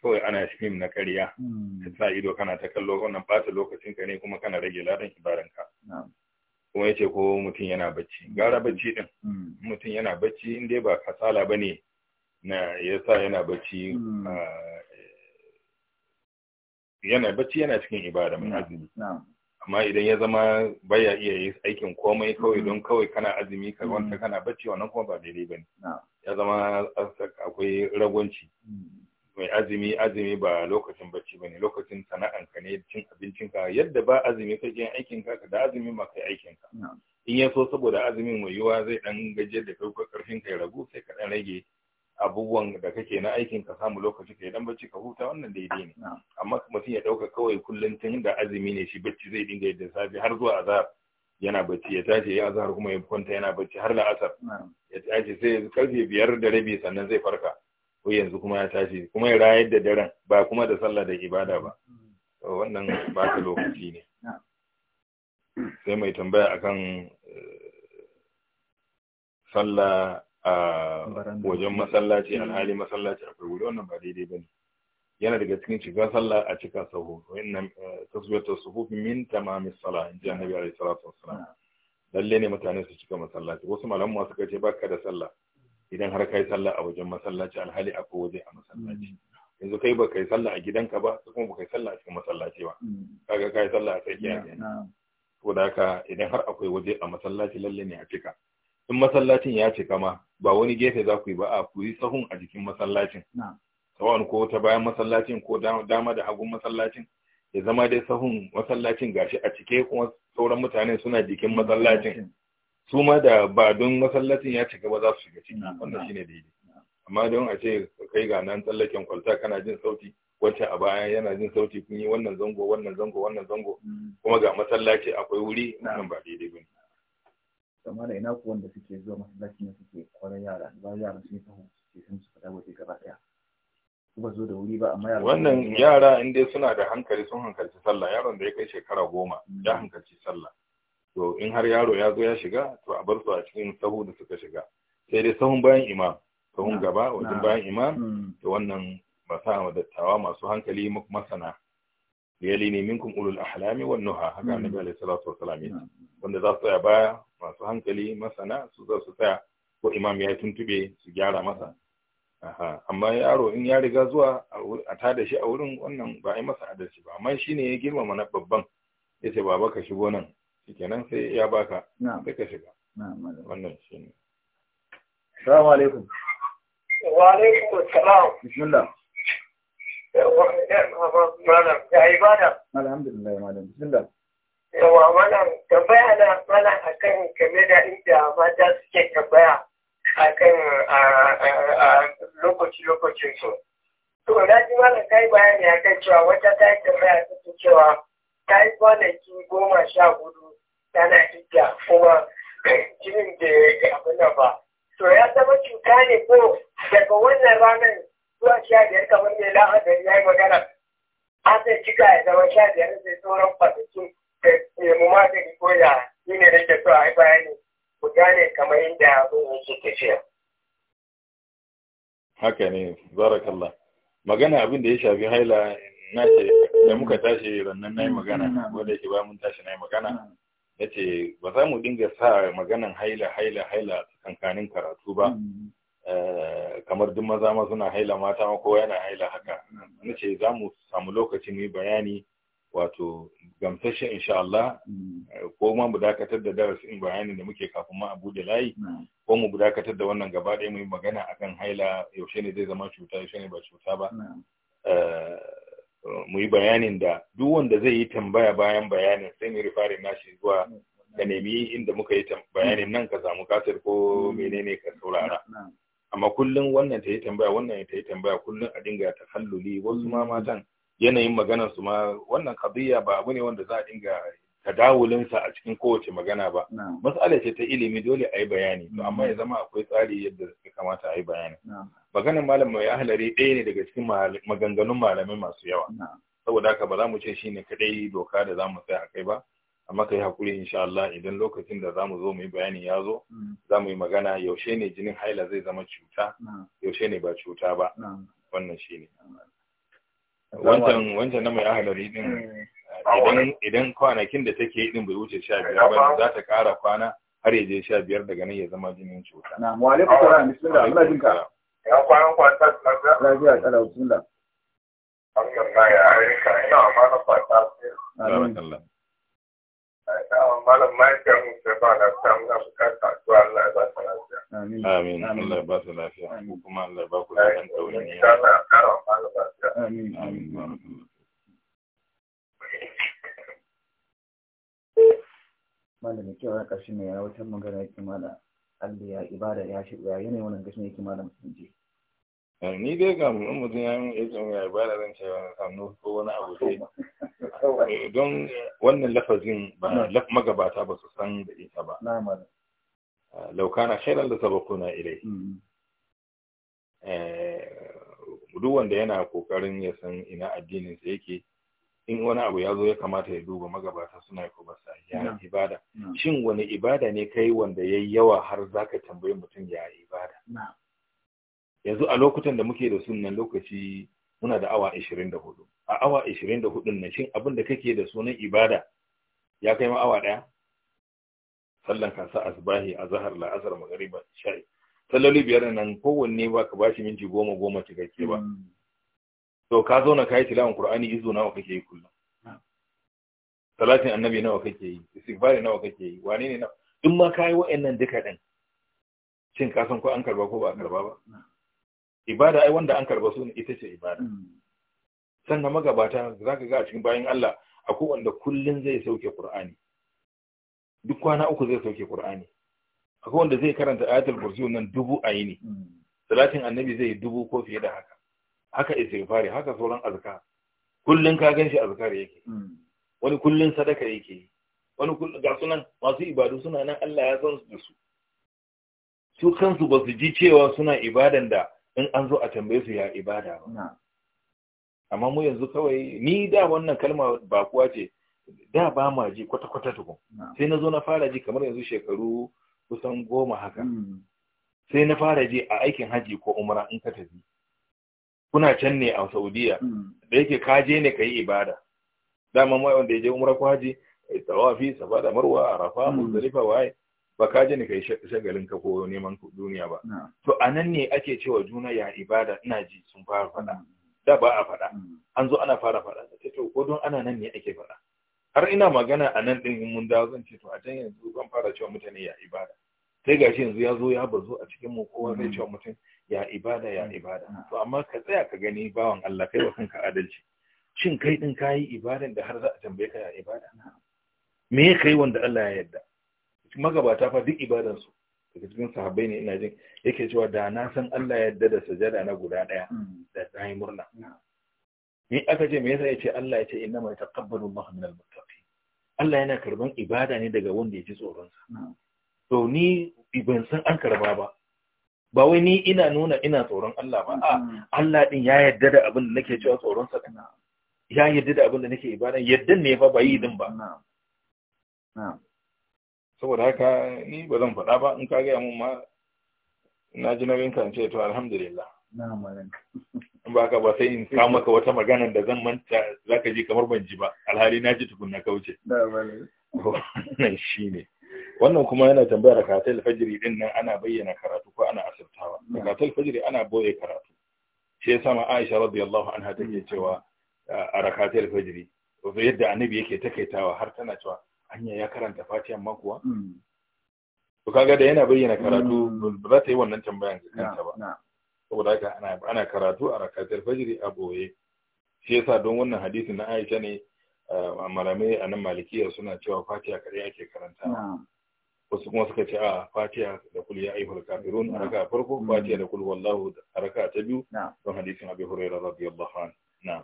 S2: kawai ana fim na karya ka sa ido kana ta kallo wannan ɓata lokacin ka ne kuma kana rage ladan ibaranka kuma yace ko mutum yana bacci gara bacci din mutum yana bacci in dai ba kasala bane na yasa yana bacci ah, eh, yana bacci yana cikin ibada mai azumi amma idan ya zama baya iya yi aikin komai kawai mm-hmm. don kawai kana azumi ka mm-hmm. wanda kana bacci wannan kuma ba daidai bane ya zama akwai ragwanci mm-hmm. mai azumi azumi ba lokacin bacci bane lokacin sana'anka ne cin abincinka yadda ba azumi kake yin aikin ka da azumi ma kai aikin ka in ya so saboda azumin mai yiwa zai dan gajiyar da kai karfin ka ya ragu sai ka dan rage abubuwan da kake na aikin ka samu lokaci ka dan bacci ka huta wannan daidai ne amma mutum ya dauka kawai kullun tun da azumi ne shi bacci zai dinga yadda safe har zuwa azhar yana bacci ya tashi ya azhar kuma ya kwanta yana bacci har la'asar ya tashi sai karfe biyar da rabi sannan zai farka ko yanzu kuma ya tashi kuma ya rayar da daren ba kuma da sallah da ibada ba wannan ba ta lokaci ne sai mai tambaya akan eh, sallah a wajen masallaci alhali masallaci akwai wuri wannan ba daidai bane yana daga cikin shiga sallah a cika sahu wa inna eh, tasbiyatu suhuf min tamami salah inji annabi alaihi salatu wassalam ah. lalle ne mutane su cika masallaci wasu malamu suka ce baka da sallah idan har kai sallah a wajen masallaci alhali akwai waje a
S3: masallaci hmm.
S2: yanzu kai ba kai sallah a gidanka ba kuma ba kai sallah a cikin masallaci ba hmm. kaga kai sallah a tsakiya Ko da haka idan har akwai waje a masallaci lalle ne a cika in masallacin ya cika ma ba wani gefe za ku yi ba a ku yi sahun a jikin masallacin tsawon ko ta bayan masallacin ko dama da hagun masallacin ya zama dai sahun masallacin ga shi a cike kuma sauran mutane suna jikin hmm. masallacin su ma da ba don masallacin ya cika ba za su shiga
S3: ciki wannan
S2: shine daidai amma don a ce kai ga nan tsallaken kwalta kana jin sauti wacce a baya yana jin sauti kun yi wannan zango wannan zango wannan zango hmm. kuma ga masallaci akwai wuri wannan ba daidai bane
S3: kamar da ina ku wanda suke zuwa masallaci ne suke kwarar yara ba yara sun yi taho suke sun su fada waje gaba daya ba zo da wuri ba amma yara wannan yara
S2: in dai suna da hankali sun hankalci sallah yaron da ya kai shekara goma ya mm. hankalci sallah
S3: to in har yaro
S2: ya zo ya shiga to a bar su a cikin sahu da suka shiga sai dai sahun bayan imam sahun gaba wajen bayan imam mm. to wannan ba masana dattawa masu hankali masana yali ne minkum ulul ahlami wan nuha haka mm. annabi alaihi salatu wassalam wanda za su tsaya baya masu hankali masana su za su tsaya ko imam ya tuntube su gyara masa amma yaro in ya riga zuwa a tada shi a wurin wannan ba a yi masa adalci ba amma shi ne ya girmama na babban ya ce baba ka shigo nan shikenan sai ya baka sai ka shiga wannan
S3: shi ne salamu alaikum
S4: wa alaikum salam
S3: bismillah alhamdulillah malam bismillah
S4: yawa mana tambaya na a akan game da inda mata suke tambaya akan lokaci-lokacin su. To na ji malam yi bayani akan cewa wata ta yi tambaya ta cewa ta yi kwanaki goma sha hudu tana idda kuma jinin da ya abin nan ba. To ya zama cuta ne ko daga wannan ranar zuwa sha biyar kamar mai lahadari ya yi magana. An sai cika ya zama sha biyar zai sauran kwanakin Eh, mu magani ko ya shi ne nake so a yi bayani ku gane kamar yadda abin yake tafiya.
S2: Haka ne, barakallah. Magana abin da ya shafi haila na ce da muka tashi rannan na yi magana wanda mm-hmm. yake ba mun tashi mm-hmm. na yi magana ya ce ba za mu dinga sa maganan haila haila haila kankanin karatu ba mm-hmm. eh, kamar duk maza ma suna haila mata ma kowa yana haila haka na ce za mu samu lokaci mu yi bayani wato gamsashe insha Allah ko ma mu dakatar da darasin bayanin da muke kafin ma abu da layi ko mu dakatar da wannan gaba ɗaya mu magana akan haila yaushe ne zai zama cuta yaushe ne ba cuta ba eh, mu yi bayanin da duk wanda zai yi tambaya bayan bayanin sai mu rifarin nashi zuwa ka nemi inda muka yi bayanin nan ka samu kasir ko menene ka saurara amma kullum wannan ta yi tambaya wannan ta yi tambaya kullum a dinga ta takalluli wasu ma matan yanayin maganar su ma wannan kadiyya ba abu ne wanda za a dinga tadawulinsa a cikin kowace magana ba matsala ce ta ilimi dole a yi bayani to amma ya zama akwai tsari yadda ya kamata a yi bayani maganar malam mai ahalari ɗaya ne daga cikin maganganun malamai masu yawa saboda haka ba za mu ce shi ne kadai doka da za mu tsaya a kai ba amma ka yi hakuri insha Allah idan lokacin da za mu zo mu yi bayani ya zo mm. za mu yi magana yaushe ne jinin haila zai zama cuta yaushe ne ba cuta ba wannan shine wancan wancan na mai ahalari din eh. idan idan kwanakin da take yi din bai wuce sha biyar ba za ta kara kwana har ya je sha biyar daga nan ya
S3: zama jinin cuta na mu alaikum salam bismillah muna jinka
S2: ya kwana kwanta
S4: lafiya kalau bismillah Allah ya yi aika ina amana fata
S3: Allah
S2: malam mahaifiyar mu sai lafiya muna bukata addu'a Allah ya lafiya. Amin. Allah ya ya
S3: Ya kyau na ƙarshe ne ya wutar magana ya kimala. Allah ya ibada ya shirya, ya yanayin wannan gashin ya kimala mutum je.
S1: ni dai ga in
S2: mutum ya yi ya ba da zan ce sannu ko wani abu dai eh, don wannan lafazin ba laf magabata ba su san da ita ba laukana shaidar da na ilai mm-hmm. eh, duk wanda yana kokarin ya san ina addinin sa yake in wani abu ya zo ya kamata ya duba magabata suna ko ba ya ibada shin wani ibada ne kai wanda yayi yawa har zaka tambayi mutum ya ibada yanzu a lokutan da muke da sunan lokaci muna da awa 24 a awa 24 nan shin abin da kake da sunan ibada ya kai ma awa daya sallan sa asbahi azhar la azhar magriba sha'i salloli biyar nan kowanne ba ka bashi minti goma goma cikakke ba hmm. to ka zauna kai tilawan qur'ani izo nawa kake yi kullum salatin annabi nawa kake yi istighfari nawa kake yi wane ne nawa in ma kai wa'annan duka din shin ka san ko an karba ko ba a karba ba ibada ai wanda an karba su ne ita ce ibada hmm. sannan magabata za ka ga a cikin bayan Allah akwai wanda kullum zai sauke Qur'ani duk kwana uku zai sauke Qur'ani akwai wanda zai karanta ayatul kursi nan dubu a yini hmm. salatin annabi zai dubu ko fiye da haka haka istighfari haka sauran azka kullun ka ganshi azkar yake hmm. wani kullun sadaka yake wani kullun ga sunan masu ibadu suna nan Allah ya san su su kansu ba su ji cewa suna ibadan da in an zo a tambaye su ya ibada ba amma mu yanzu kawai ni da wannan kalma ba kuwa ce da ba ma ji kwata-kwata tukun sai na zo na fara ji kamar yanzu shekaru kusan goma haka hmm. sai na fara ji a aikin haji ko umara in ka tafi kuna can ne a saudiya hmm. da yake ka je ne ka yi ibada dama mai wanda ya je umara ko haji eh, tawafi safa da marwa arafa hmm. muzdalifa waye ba ka ji ni kai shagalin ka ko neman duniya ba to anan ne ake cewa juna ya ibada ina ji sun fara faɗa mm. da ba a faɗa mm. an zo ana fara faɗa ta to ko don ana nan ne ake faɗa har ina magana a nan ɗin mun dawo zan ce to a can yanzu zan fara cewa mutane ya ibada sai gashi yanzu ya zo ya bazo a cikin mu kowa zai mm. cewa mutum ya ibada ya ibada to amma ka tsaya ka gani bawan Allah kai wa kanka adalci shin kai din kayi ibadan da har za a tambaye ka ya ibada me kai wanda Allah ya yarda magabata fa duk ibadansu daga cikin sahabbai ne ina jin yake cewa da na san Allah ya yarda da sajada na guda daya da yi murna ni aka ce me yasa yace Allah ya ce inna ma taqabbalu Allah min al Allah yana karban ibada ne daga wanda ya tsoron sa to ni ban san an karba ba ba wai ni ina nuna ina tsoron Allah ba a Allah din ya yarda da abin da nake cewa tsoron sa ya yarda da abin da nake ibada yaddan ne fa ba yi din ba na'am na'am saboda haka ni ba zan faɗa ba in ka gaya mun ma na ji na rinka ce to alhamdulillah in ba ka ba sai in kawo maka wata magana da zan manta za ka ji kamar ban ji ba alhali na ji tukunna kauce na malam wannan ne. wannan kuma yana tambayar karatun fajiri din nan ana bayyana karatu ko ana asirtawa karatun fajiri ana boye karatu shi yasa ma Aisha radiyallahu anha take mm. cewa a rakatul fajri wato yadda annabi yake takaitawa har tana cewa Hanyar ya karanta fatiyan makuwa? Hmm. to kaga da yana bayyana karatu hmm. ba za ta yi wannan tambayan ga kanta ba saboda haka ana karatu a rakatar fajiri a boye shi yasa don wannan hadisi na Aisha ne a ah, malamai a nan malikiya suna cewa fatiya kare ake karanta wasu kuma suka ce a Fatiya da kul ya ayyuhal kafirun a raka farko hmm. Fatiya da kul wallahu a raka ta biyu don hadisin abi hurairah
S3: radiyallahu anhu na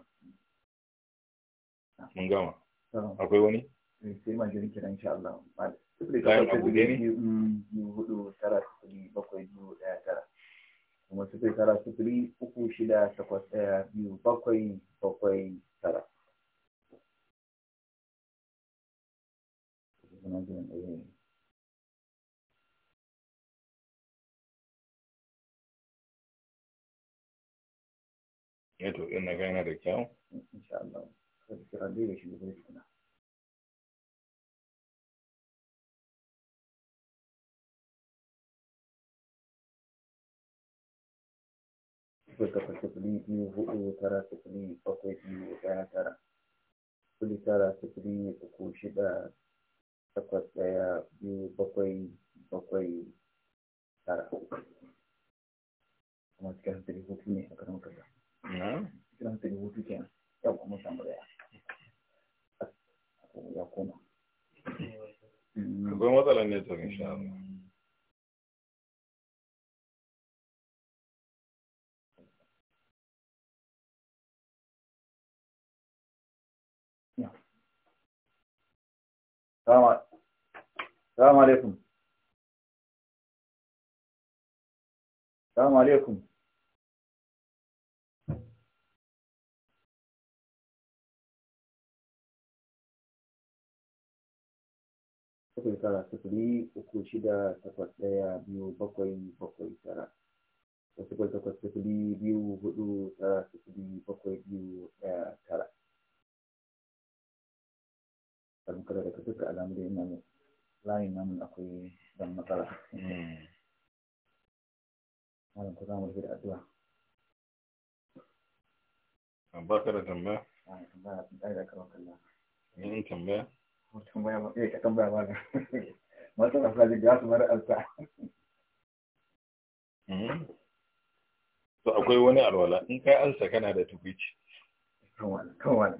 S1: mun gama akwai
S3: wani você imagina que insha Allah saboda kawai ta buge ni biyu hudu tara sifili bakwai você daya tara kuma sifili tara sifili uku shida takwas
S1: daya biyu bakwai bakwai tara Yato, ina ga yana bakwai takwas sifili biyu hudu tara sifili bakwai biyu ɗaya tara sifili tara sifili
S3: uku shida takwas ɗaya biyu bakwai bakwai tara kuma cikin hutu ne a karin kasa cikin hutu yau kuma samu ya akwai
S1: matsalar ne Salamu عليكم Salamu عليكم Sufuri tara sufuri uku shida takwas ɗaya
S3: biyu bakwai bakwai tara. Sufuri takwas sufuri biyu hudu su duka alamu da ina layin namun akwai dan matsala
S1: malam ko za mu rufe da addu'a ah, ba ka da tambaya ah, tambaya ɗaya da karon kalla yin tambaya
S3: tambaya ba iya eh, ka tambaya ba masu na fulani ga su mara alta mm-hmm. to akwai wani alwala in kai alsa kana da tukwici kan wani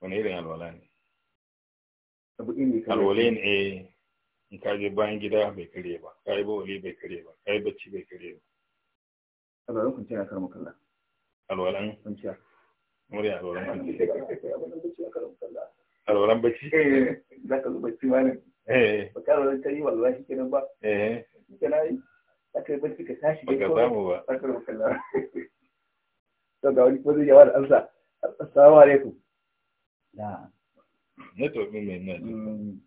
S1: wani irin alwala ne alwala
S3: ne in ka je bayan gida bai kare ba ka yi wali bai kare ba ka yi bacci bai kare ba alwala kun ya karama kalla alwalan kwanciya murya alwalan kwanciya alwalan bacci eh, za ka zo bacci wani eh. ba ka alwala ta yi walwala shi kenan ba eh. shi na yi za ka yi bacci ka tashi ba ka samu ba za ka rama kalla *laughs* to ga wani kuma zai yawa da amsa assalamu alaikum na tobi mai nan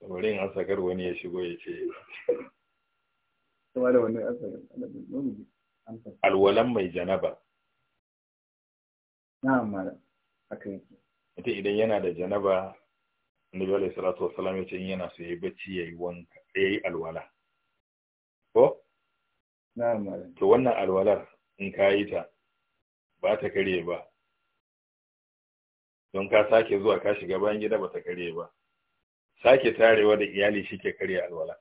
S3: wurin asakar wani ya shigo ya ce
S2: alwalan mai janaba
S3: na'am malam akan
S2: ita idan yana da janaba Annabi alaihi salatu wassalam ya ce yana so yi bacci yayi wanka yayi alwala
S3: ko na'am malam
S2: to wannan alwalar in kayi ta ba ta kare ba don ka sake zuwa ka shiga bayan gida ba ta karye ba sake tarewa da iyali shi ke karya alwala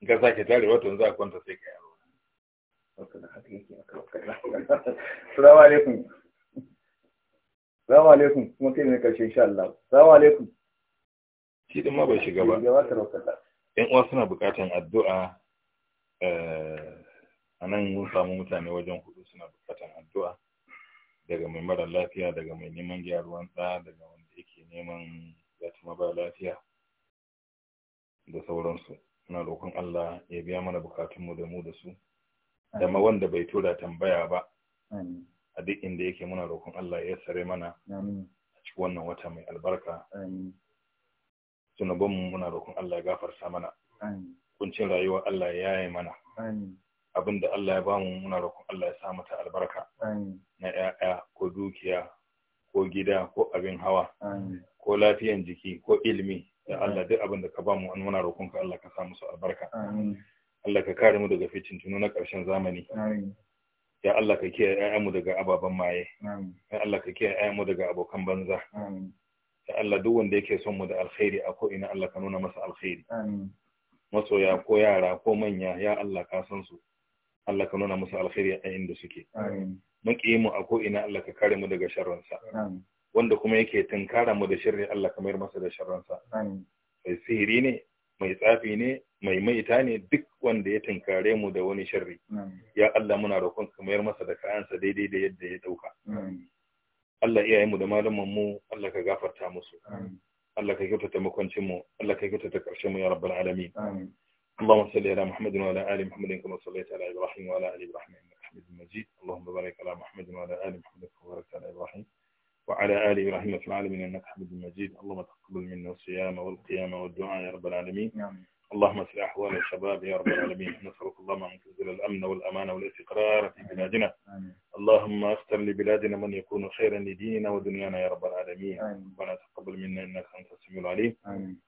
S2: in ka sake tarewa to za a kwanta
S3: sai ka yi alwala salamu alaikum salamu alaikum kuma kai ne Allah salamu alaikum shi din ma bai shiga ba
S2: yan uwa suna buƙatar addu'a eh, a nan mun samu mutane wajen hudu suna buƙatar addu'a daga mai mara lafiya daga mai neman gyaruwan ɗa daga wanda yake neman ya ci ba lafiya da sauransu na roƙon Allah ya biya mana bukatunmu da mu
S3: da su da ma
S2: wanda bai tura tambaya ba a duk inda yake muna roƙon Allah ya sare mana
S3: a
S2: cikin wannan wata mai albarka Sunabonmu muna roƙon Allah ya gafarta mana kuncin rayuwa Allah ya yi mana abin da Allah ya bamu muna roƙon Allah ya sa mata albarka na ƴaƴa ko dukiya ko gida ko abin hawa ko lafiyan jiki ko ilimi Ya Allah duk abin da ka bamu an muna roƙon ka Allah ka sa musu albarka Allah ka kare mu daga fitintunu na ƙarshen zamani ya Allah ka kiyaye ƴaƴanmu daga ababen maye ya Allah ka kiyaye ƴaƴanmu daga abokan banza ya Allah duk wanda yake son mu da alkhairi a ko ina Allah ka nuna masa alkhairi masoya ko yara ko manya ya Allah ka san su Allah ka nuna musu alkhairi a inda suke muƙi mu a ko'ina Allah ka kare mu daga sharransa wanda kuma yake tunkara mu da shirri Allah ka mayar masa da sharransa mai sihiri ne mai tsafi ne mai maita ne duk wanda ya tunkare mu da wani sharri ya Allah muna roƙon ka mayar masa da kayansa daidai da yadda ya ɗauka Allah mu da malaman mu Allah ka gafarta musu Allah ka kyautata makwancin mu Allah ka kyautata ƙarshen mu ya rabbal alamin اللهم صل على محمد وعلى آل محمد كما صليت على إبراهيم وعلى آل إبراهيم إنك حميد مجيد اللهم بارك على محمد وعلى آل محمد كما باركت على إبراهيم وعلى آل إبراهيم في العالمين إنك حميد مجيد اللهم تقبل منا الصيام والقيام والدعاء يا رب العالمين آمين اللهم اصلح أحوال الشباب يا رب العالمين نسألك اللهم أن تنزل الأمن والأمان والاستقرار في بلادنا اللهم اختر لبلادنا من يكون خيرا لديننا ودنيانا يا رب العالمين ربنا تقبل منا إنك أنت السميع العليم آمين